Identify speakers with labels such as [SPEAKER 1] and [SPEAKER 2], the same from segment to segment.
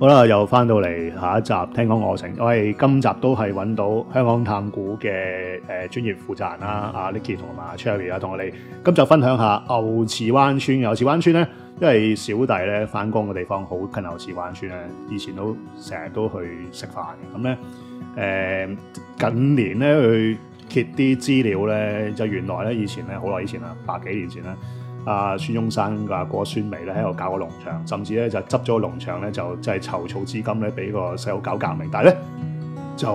[SPEAKER 1] 好啦，又翻到嚟下一集，聽講我城。我哋今集都係揾到香港探古嘅誒專業負責人啦，阿 Nicky 同埋阿 Cherry 啊，同、啊、我哋今集分享下牛池灣村。牛池灣村咧，因為小弟咧翻工嘅地方好近牛池灣村啊，以前都成日都去食飯嘅。咁咧誒，近年咧去揭啲資料咧，就原來咧以前咧好耐以前啦，百幾年前啦。啊，孫中山個阿哥孫眉咧喺度搞個農場，甚至咧就執咗農場咧就即係籌措資金咧，俾個細佬搞革命。但係咧，就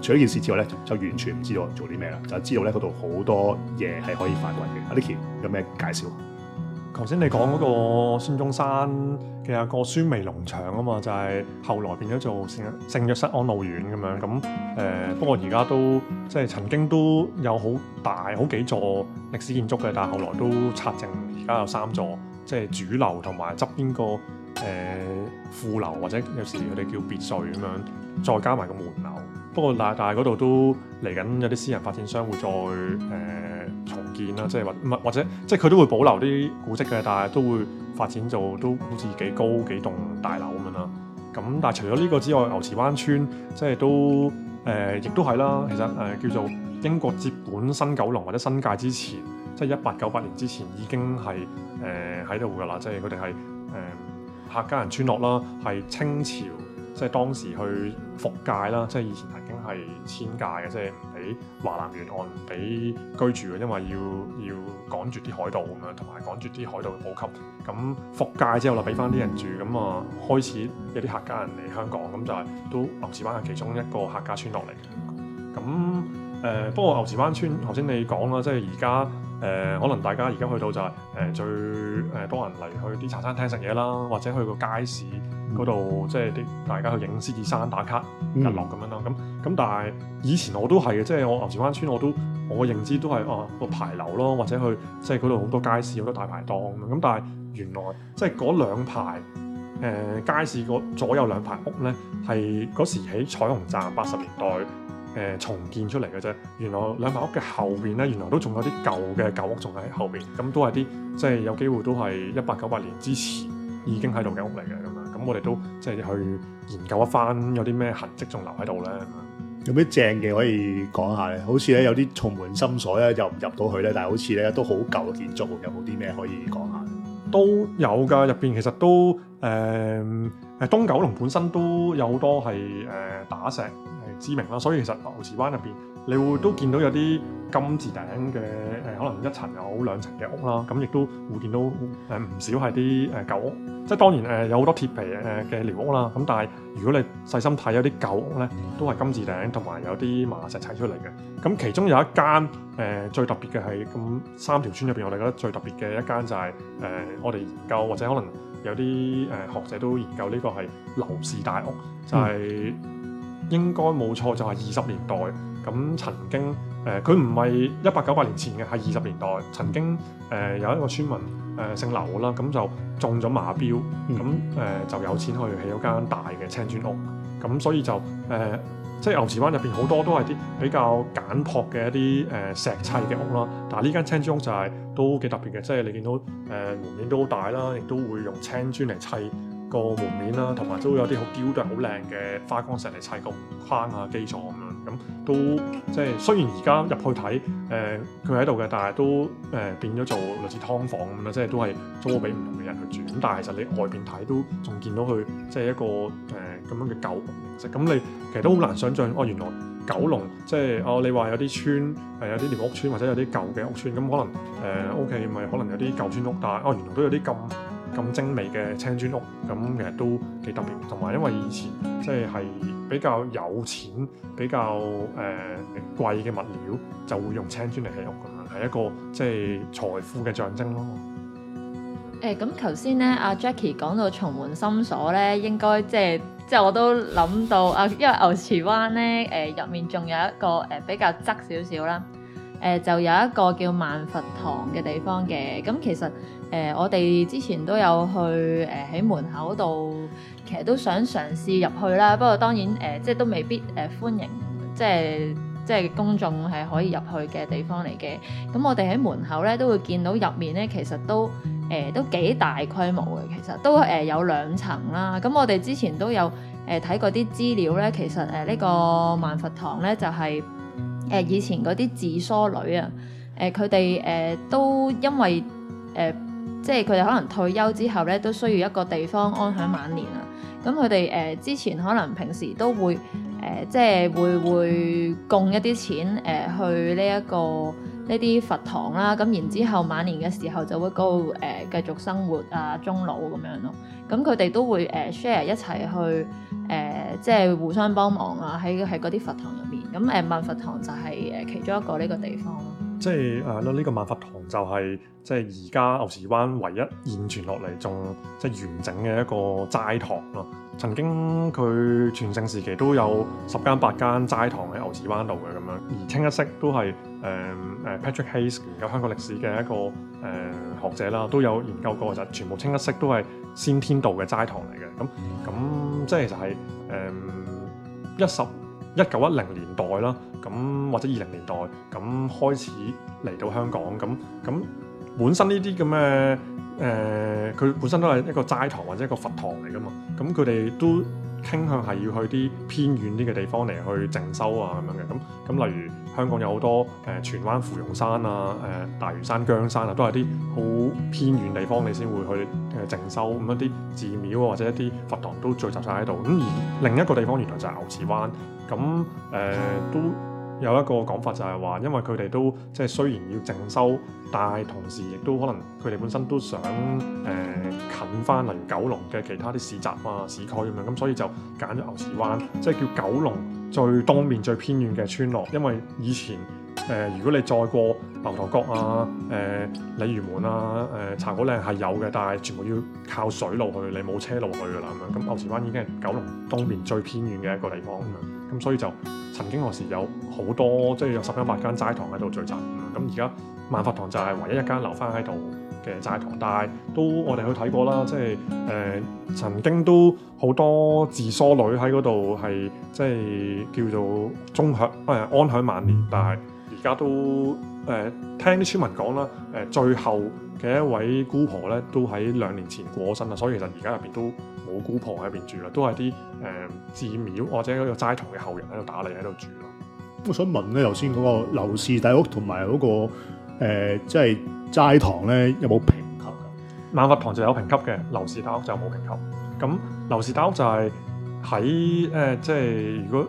[SPEAKER 1] 除咗件事之外咧，就完全唔知道做啲咩啦。就知道咧，嗰度好多嘢係可以發掘嘅。阿
[SPEAKER 2] Nicky、啊、有咩介紹？頭先你講嗰個孫中山嘅阿個孫眉農場啊嘛，就係、係、後來變咗做聖聖約瑟安老院咁樣。咁誒、呃，不過而家都即係曾經都有好大好幾座歷史建築嘅，但係後來都拆淨，而家有三座，即係主樓同埋側邊個誒副樓，或者有時佢哋叫別墅咁樣，再加埋個門樓。不過大大，大但嗰度都嚟緊有啲私人發展商會再誒、呃、重建啦，即係或或者即係佢都會保留啲古蹟嘅，但係都會發展做都好似幾高幾棟大樓咁樣啦。咁但係除咗呢個之外，牛池灣村即係都誒、呃，亦都係啦。其實誒、呃、叫做英國接管新九龍或者新界之前，即係一八九八年之前已經係誒喺度㗎啦。即係佢哋係誒客家人村落啦，係清朝。即係當時去復界啦，即係以前曾經係遷界嘅，即係唔俾華南沿岸俾居住嘅，因為要要趕絕啲海盜咁樣，同埋趕絕啲海盜嘅補給。咁復界之後啦，俾返啲人住咁啊，開始有啲客家人嚟香港，咁就係都牛池灣係其中一個客家村落嚟嘅。咁誒、呃，不過牛池灣村頭先你講啦，即係而家。誒、呃，可能大家而家去到就係、是、誒、呃、最誒多人嚟去啲茶餐廳食嘢啦，或者去個街市嗰度，嗯、即係啲大家去影獅子山打卡日落咁樣啦。咁咁、嗯嗯嗯嗯，但係以前我都係嘅，即、就、係、是、我牛池灣村我都我認知都係啊個牌樓咯，或者去即係嗰度好多街市好多大排檔咁、嗯。但係原來即係嗰兩排誒、呃、街市個左右兩排屋咧，係嗰時喺彩虹站八十年代。誒、呃、重建出嚟嘅啫，原來兩排屋嘅後邊咧，原來都仲有啲舊嘅舊屋仲喺後邊，咁都係啲即係有機會都係一八九八年之前已經喺度嘅屋嚟嘅咁啊！咁我哋都即係去研究一翻有啲咩痕跡仲留喺度咧。有咩正嘅可以講下咧？好似咧有啲重門深鎖
[SPEAKER 1] 咧，入唔入到去咧？但係好似咧都好舊嘅建築，有冇啲咩可以講下？
[SPEAKER 2] 都有㗎，入邊其實都誒誒、呃、東九龍本身都有好多係誒、呃、打石。知名啦，所以其實牛池灣入邊，你會都見到有啲金字頂嘅誒，可能一層有兩層嘅屋啦，咁亦都會見到誒唔少係啲誒舊屋，即係當然誒、呃、有好多鐵皮誒嘅寮屋啦。咁但係如果你細心睇，有啲舊屋咧，都係金字頂同埋有啲麻石砌出嚟嘅。咁其中有一間誒、呃、最特別嘅係咁三條村入邊，我哋覺得最特別嘅一間就係、是、誒、呃、我哋研究或者可能有啲誒、呃、學者都研究呢個係劉氏大屋，就係、是。嗯應該冇錯，就係二十年代咁曾經誒，佢唔係一八九八年前嘅，係二十年代曾經誒、呃、有一個村民誒、呃、姓劉啦，咁就中咗馬票，咁誒、嗯呃、就有錢去起咗間大嘅青磚屋，咁所以就誒、呃、即係牛池灣入邊好多都係啲比較簡朴嘅一啲誒石砌嘅屋啦，但係呢間青磚屋就係、是、都幾特別嘅，即係你見到誒門、呃、面,面都好大啦，亦都會用青磚嚟砌。個門面啦，同埋都有啲好雕琢、好靚嘅花崗石嚟砌個框啊、基礎咁樣，咁都即係雖然而家入去睇，誒佢喺度嘅，但係都誒、呃、變咗做類似劏房咁啦，即係都係租俾唔同嘅人去住。咁但係其實你外邊睇都仲見到佢即係一個誒咁、呃、樣嘅舊形式。咁你其實都好難想象，哦原來九龍即係哦你話有啲村係、呃、有啲連屋村或者有啲舊嘅屋村，咁、嗯、可能誒屋企咪可能有啲舊村屋，但係哦原來都有啲咁。咁精美嘅青磚屋，咁其實都幾特別。同埋因為以前即係比較有錢、比較誒、呃、貴嘅物料，就會用青磚嚟起屋嘅嘛，係一個即係財富嘅象徵咯。誒、
[SPEAKER 3] 欸，咁頭先咧，阿 Jackie 講到重門深鎖咧，應該即係即係我都諗到啊，因為牛池灣咧，誒、呃、入面仲有一個誒比較側少少啦。誒、呃、就有一個叫萬佛堂嘅地方嘅，咁其實誒、呃、我哋之前都有去誒喺、呃、門口度，其實都想嘗試入去啦。不過當然誒、呃，即係都未必誒、呃、歡迎，即係即係公眾係可以入去嘅地方嚟嘅。咁我哋喺門口咧都會見到入面咧，其實都誒、呃、都幾大規模嘅。其實都誒有兩層啦。咁我哋之前都有誒睇、呃、過啲資料咧，其實誒呢、呃呢個萬佛堂咧就係、係。誒、呃、以前嗰啲自梳女啊，誒佢哋誒都因為誒、呃，即係佢哋可能退休之後咧，都需要一個地方安享晚年啊。咁佢哋誒之前可能平時都會誒、呃，即係會會供一啲錢誒、呃、去呢、這、一個呢啲佛堂啦，咁然之後晚年嘅時候就會高誒繼續生活啊、終老咁樣咯，咁佢哋都會誒 share、呃、一齊去誒、呃、即係互相幫忙啊，喺喺嗰啲佛堂入面，咁、啊、誒萬佛堂就係誒其中一個呢個地方
[SPEAKER 2] 咯。即係啊，嗱、呃、呢、這個萬佛堂就係、是、即係而家牛池灣唯一現存落嚟仲即係完整嘅一個齋堂咯。曾經佢全盛時期都有十間八間齋堂喺牛池灣度嘅咁樣，而清一色都係。誒、um, Patrick Hayes 研究香港歷史嘅一個誒、呃、學者啦，都有研究過就係、全部清一色都係先天道嘅齋堂嚟嘅。咁、嗯、咁即係就係誒一十一九一零年代啦，咁、嗯、或者二零年代咁、嗯、開始嚟到香港。咁、嗯、咁、嗯、本身呢啲咁嘅誒，佢、呃、本身都係一個齋堂或者一個佛堂嚟噶嘛。咁佢哋都傾向係要去啲偏遠啲嘅地方嚟去靜修啊咁樣嘅。咁、嗯、咁、嗯、例如。香港有好多誒荃、呃、灣芙蓉山啊、誒、呃、大嶼山羌山啊，都係啲好偏遠地方，你先會去誒、呃、靜修咁一啲寺廟、啊、或者一啲佛堂都聚集晒喺度。咁而另一個地方原來就係牛池灣，咁誒、呃、都。有一個講法就係話，因為佢哋都即係雖然要徵收，但係同時亦都可能佢哋本身都想誒、呃、近翻，嚟九龍嘅其他啲市集啊、市區咁樣，咁、嗯、所以就揀咗牛池灣，即係叫九龍最東面最偏遠嘅村落。因為以前誒、呃，如果你再過牛頭角啊、誒、呃、鯉魚門啊、誒、呃、茶果嶺係有嘅，但係全部要靠水路去，你冇車路去噶啦咁樣。咁、嗯、牛池灣已經係九龍東面最偏遠嘅一個地方，咁、嗯、所以就。曾經何時有好多即係有十一百間齋堂喺度聚集咁，而、嗯、家萬佛堂就係唯一一間留翻喺度嘅齋堂，但係都我哋去睇過啦，即係誒、呃、曾經都好多自梳女喺嗰度係即係叫做中享誒、呃、安享晚年，但係而家都誒、呃、聽啲村民講啦誒最後。嘅一位姑婆咧，都喺兩年前過身啦，所以其實而家入邊都冇姑婆喺入邊住啦，都係啲誒寺廟或者一個齋堂嘅後人喺度打理喺度住咯。
[SPEAKER 1] 我想問咧，頭先嗰個劉氏大屋同埋嗰個
[SPEAKER 2] 即係、呃就是、
[SPEAKER 1] 齋堂咧，有冇評級
[SPEAKER 2] 嘅？萬佛堂就有評級嘅，劉氏大屋就冇評級。咁劉氏大屋就係喺誒，即、呃、係、就是、如果。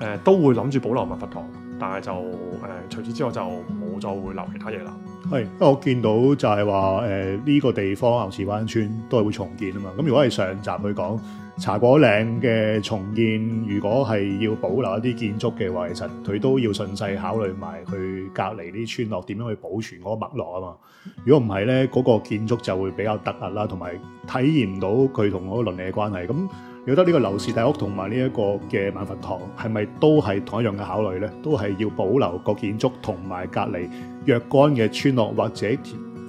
[SPEAKER 2] 誒、呃、都會諗住保留萬佛堂，但係就誒、呃、除此之外就冇再會留其他嘢啦。係，
[SPEAKER 1] 因為我見到就係話誒呢個地方牛池灣村都係會重建啊嘛。咁如果係上集去講。茶果嶺嘅重建，如果係要保留一啲建築嘅話，其實佢都要順勢考慮埋佢隔離啲村落點樣去保存嗰個脈絡啊嘛。如果唔係咧，嗰、嗰個建築就會比較突兀啦，同埋體驗唔到佢同嗰個鄰里嘅關係。咁、嗯、你覺得呢個劉氏大屋同埋呢一個嘅萬佛堂，係咪都係同一樣嘅考慮咧？都係要保留個建築同埋隔離若干嘅村落或者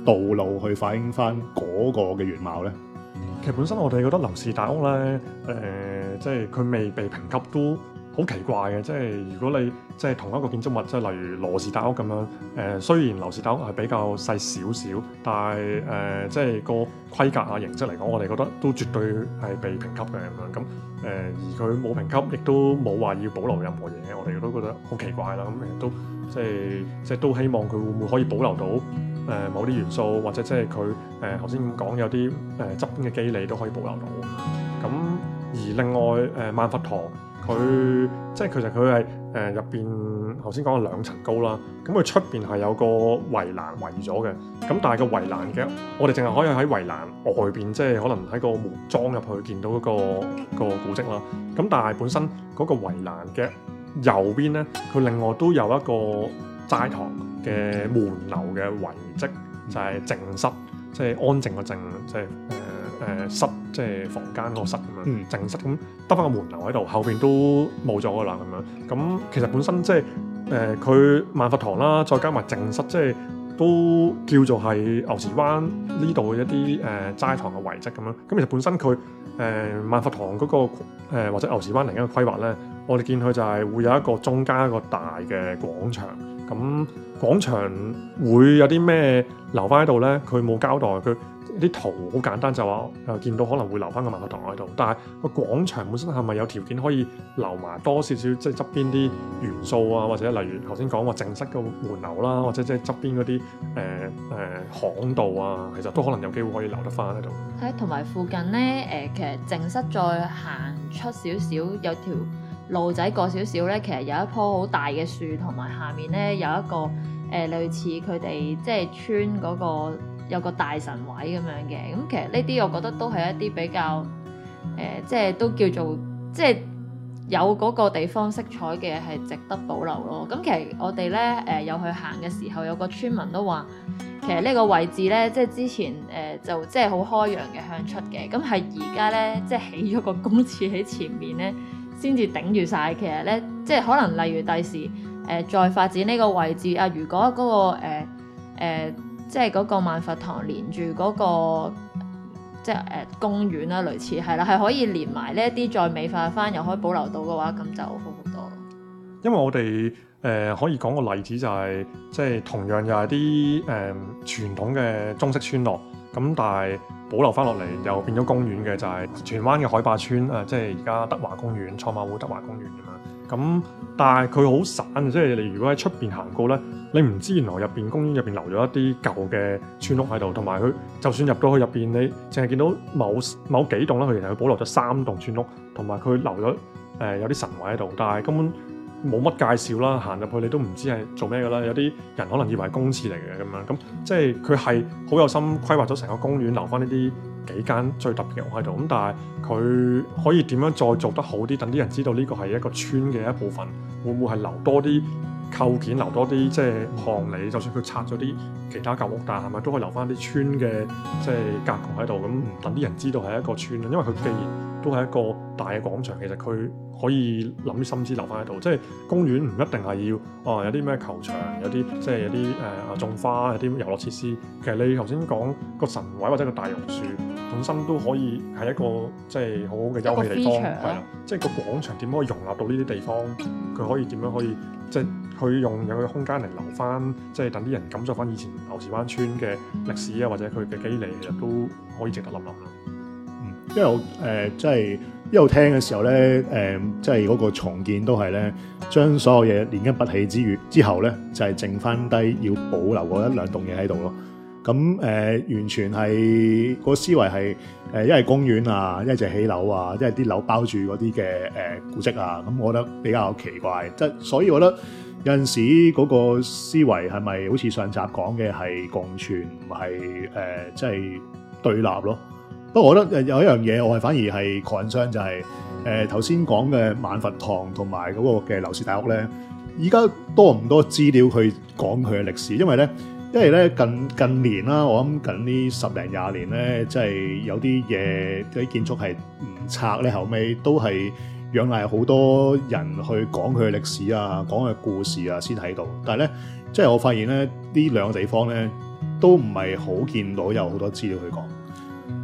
[SPEAKER 1] 道路去反映翻嗰個嘅原貌咧？
[SPEAKER 2] 其實本身我哋覺得劉氏大屋咧，誒、呃，即係佢未被評級都好奇怪嘅。即係如果你即係同一個建築物，即係例如羅氏大屋咁樣，誒、呃，雖然劉氏大屋係比較細少少，但係誒、呃，即係個規格啊、形式嚟講，我哋覺得都絕對係被評級嘅咁樣。咁、呃、誒，而佢冇評級，亦都冇話要保留任何嘢，我哋都覺得好奇怪啦。咁亦都即係即係都希望佢會唔會可以保留到。誒某啲元素，或者即係佢誒頭先咁講有啲誒側邊嘅機理都可以保留到。咁而另外誒萬佛堂，佢即係其實佢係誒入邊頭先講嘅兩層高啦。咁佢出邊係有個圍欄圍咗嘅。咁但係個圍欄嘅，我哋淨係可以喺圍欄外邊，即係可能喺個木裝入去見到嗰個個古蹟啦。咁但係本身嗰個圍欄嘅右邊咧，佢另外都有一個。齋堂嘅門樓嘅遺跡就係、是、靜室，即、就、係、是、安靜嘅靜，即係誒誒室，即、就、係、是、房間個室咁啊。嗯、靜室咁得翻個門樓喺度，後邊都冇咗噶啦咁樣。咁其實本身即係誒佢萬佛堂啦，再加埋靜室、就是，即係都叫做係牛池灣呢度一啲誒、呃、齋堂嘅遺跡咁樣。咁其實本身佢誒、呃、萬佛堂嗰、那個、呃、或者牛池灣另一個規劃咧，我哋見佢就係會有一個中間一個大嘅廣場。咁廣場會有啲咩留翻喺度咧？佢冇交代，佢啲圖好簡單，就話誒、呃、見到可能會留翻個萬佛堂喺度。但係個廣場本身係咪有條件可以留埋多少少即係側邊啲元素啊？或者例如頭先講話正室嘅門樓啦，或者即係側邊嗰啲誒誒巷道啊，其實都可能有機會可以留得翻喺度。
[SPEAKER 3] 係，同埋附近咧誒、呃，其實正室再行出少少有條路仔過少少呢，其實有一棵好大嘅樹，同埋下面呢有一個誒、呃、類似佢哋即係村嗰、那個有個大神位咁樣嘅。咁、嗯、其實呢啲我覺得都係一啲比較誒、呃，即係都叫做即係有嗰個地方色彩嘅，係值得保留咯。咁、嗯、其實我哋呢，誒、呃、有去行嘅時候，有個村民都話，其實呢個位置呢，即係之前誒、呃、就即係好開揚嘅向出嘅，咁係而家呢，即係起咗個公廁喺前面呢，先至頂住晒。其實咧，即係可能例如第時誒、呃、再發展呢個位置啊，如果嗰、那個誒、呃呃、即係嗰個萬佛堂連住嗰、那個即係誒、呃、公園啦，類似係啦，係可以連埋呢一啲再美化翻，又可以保留到嘅話，咁就好好多。
[SPEAKER 2] 因為我哋誒、呃、可以講個例子就係、是，即、就、係、是、同樣又係啲誒傳統嘅中式村落，咁但係。保留翻落嚟又變咗公園嘅就係荃灣嘅海霸村啊，即係而家德華公園、賽馬會德華公園啊嘛。咁但係佢好散，即係你如果喺出邊行過呢，你唔知原來入邊公園入邊留咗一啲舊嘅村屋喺度，同埋佢就算入到去入邊，你淨係見到某某幾棟啦，佢其實保留咗三棟村屋，同埋佢留咗誒有啲神位喺度，但係根本，冇乜介紹啦，行入去你都唔知係做咩噶啦，有啲人可能以為係公廁嚟嘅咁樣，咁即係佢係好有心規劃咗成個公園，留翻呢啲幾間最特別嘅屋喺度。咁但係佢可以點樣再做得好啲，等啲人知道呢個係一個村嘅一部分，會唔會係留多啲構件，留多啲即係巷里？就算佢拆咗啲其他舊屋，但係係咪都可以留翻啲村嘅即係格局喺度？咁等啲人知道係一個村咧，因為佢既然……都係一個大嘅廣場，其實佢可以諗啲心思留翻喺度，即係公園唔一定係要哦、呃，有啲咩球場，有啲即係有啲誒、呃、種花，有啲遊樂設施。其實你頭先講個神位或者個大榕樹本身都可以係一個即係好好嘅休憩地方，係啦個。即係個廣場點可以容納到呢啲地方？佢可以點樣可以即係佢用有個空間嚟留翻，即係等啲人感受翻以前牛池灣村嘅歷史啊，或者佢嘅肌理，其實都可以值得諗諗啦。因為我
[SPEAKER 1] 誒即係一路聽嘅時候咧，誒即係嗰個重建都係咧，將所有嘢連根拔起之餘之後咧，就係、是、剩翻低要保留嗰一兩棟嘢喺度咯。咁、嗯、誒、呃、完全係、個思維係誒一係公園啊，一係起樓啊，即係啲樓包住嗰啲嘅誒古跡啊。咁、嗯、我覺得比較奇怪，即係所以我覺得有陣時嗰個思維係咪好似上集講嘅係共存，唔係誒即係對立咯？不過我覺得有一樣嘢，我係反而係 concern，就係誒頭先講嘅萬佛堂同埋嗰個嘅劉氏大宅咧，依家多唔多資料去講佢嘅歷史？因為咧，因為咧近近年啦，我諗近呢十零廿年咧，即係有啲嘢啲建築係唔拆咧，後尾都係仰賴好多人去講佢嘅歷史啊，講佢故事啊先睇到。但係咧，即係我發現咧，呢兩個地方咧都唔係好見到有好多資料去講。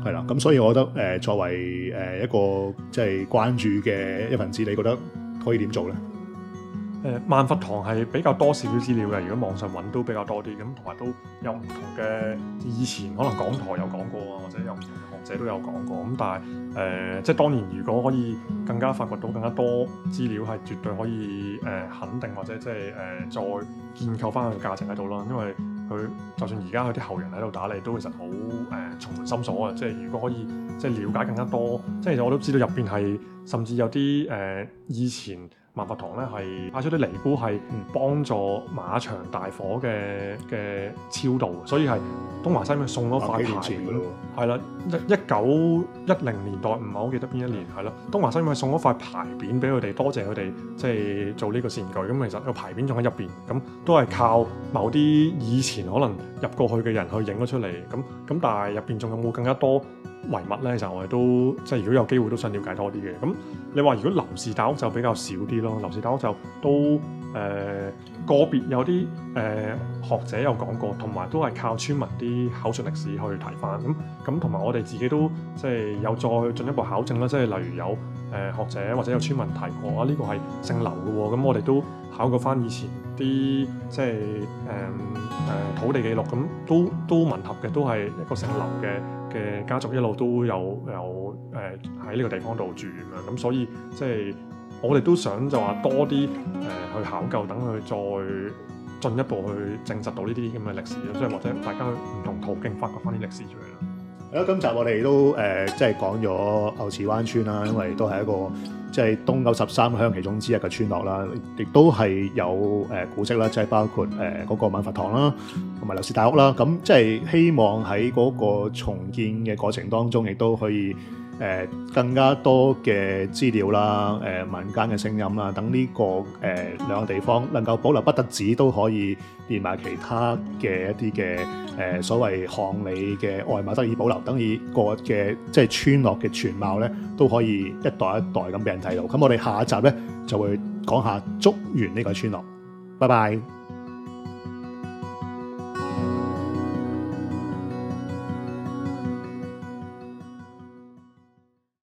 [SPEAKER 1] 係啦，咁所以我覺得誒、呃，作為誒
[SPEAKER 2] 一個即係關注嘅一份子，你覺得可以點做咧？誒，萬佛堂係比較多少少資料嘅，如果網上搵都比較多啲，咁同埋都有唔同嘅，以前可能港台有講過啊，或者有唔同嘅學者都有講過，咁但係誒、呃，即係當年如果可以更加發掘到更加多資料，係絕對可以誒、呃、肯定或者即係誒、呃、再建構翻佢嘅價值喺度啦，因為。佢就算而家佢啲後人喺度打理，都其實好誒從心所愛，即係如果可以，即係瞭解更加多，即係其實我都知道入邊係甚至有啲誒、呃、以前。萬佛堂咧係派出啲尼姑係幫助馬場大火嘅嘅、嗯、超度，所以係東華三院送咗塊牌匾，係啦，一九一零年代唔係好記得邊一年，係咯、嗯，東華三院送咗塊牌匾俾佢哋，多謝佢哋即係做呢個善舉。咁、嗯、其實個牌匾仲喺入邊，咁、嗯、都係靠某啲以前可能入過去嘅人去影咗出嚟。咁、嗯、咁、嗯、但係入邊仲有冇更加多？遺物咧，就我哋都即係如果有機會都想了解多啲嘅。咁你話如果劉氏大屋就比較少啲咯，劉氏大屋就都誒、呃、個別有啲誒、呃、學者有講過，同埋都係靠村民啲口述歷史去提翻。咁咁同埋我哋自己都即係有再進一步考證啦，即係例如有誒、呃、學者或者有村民提過啊，呢、這個係姓劉嘅喎。咁我哋都考過翻以前啲即係誒誒土地記錄，咁都都吻合嘅，都係一個姓劉嘅，嘅家族一路都有有誒喺呢個地方度住咁樣咁，所以即係我哋都想就話多啲誒、呃、去考究，等佢再進一步去證實到呢啲咁嘅歷史咯，即係或者大家唔同途徑發掘翻啲歷史出嚟啦。
[SPEAKER 1] 好，今集我哋都誒，即係講咗牛池灣村啦，因為都係一個即係東九十三鄉其中之一嘅村落啦，亦都係有誒古蹟啦，即係包括誒嗰個萬佛堂啦，同埋劉氏大屋啦，咁即係希望喺嗰個重建嘅過程當中，亦都可以。誒、呃、更加多嘅資料啦，誒、呃、民間嘅聲音啦，等呢、這個誒、呃、兩個地方能夠保留，不得止都可以連埋其他嘅一啲嘅誒所謂巷里嘅外貌得以保留，等以個嘅即係村落嘅全貌咧都可以一代一代咁俾人睇到。咁我哋下一集咧就會講下竹園呢個村落。拜拜。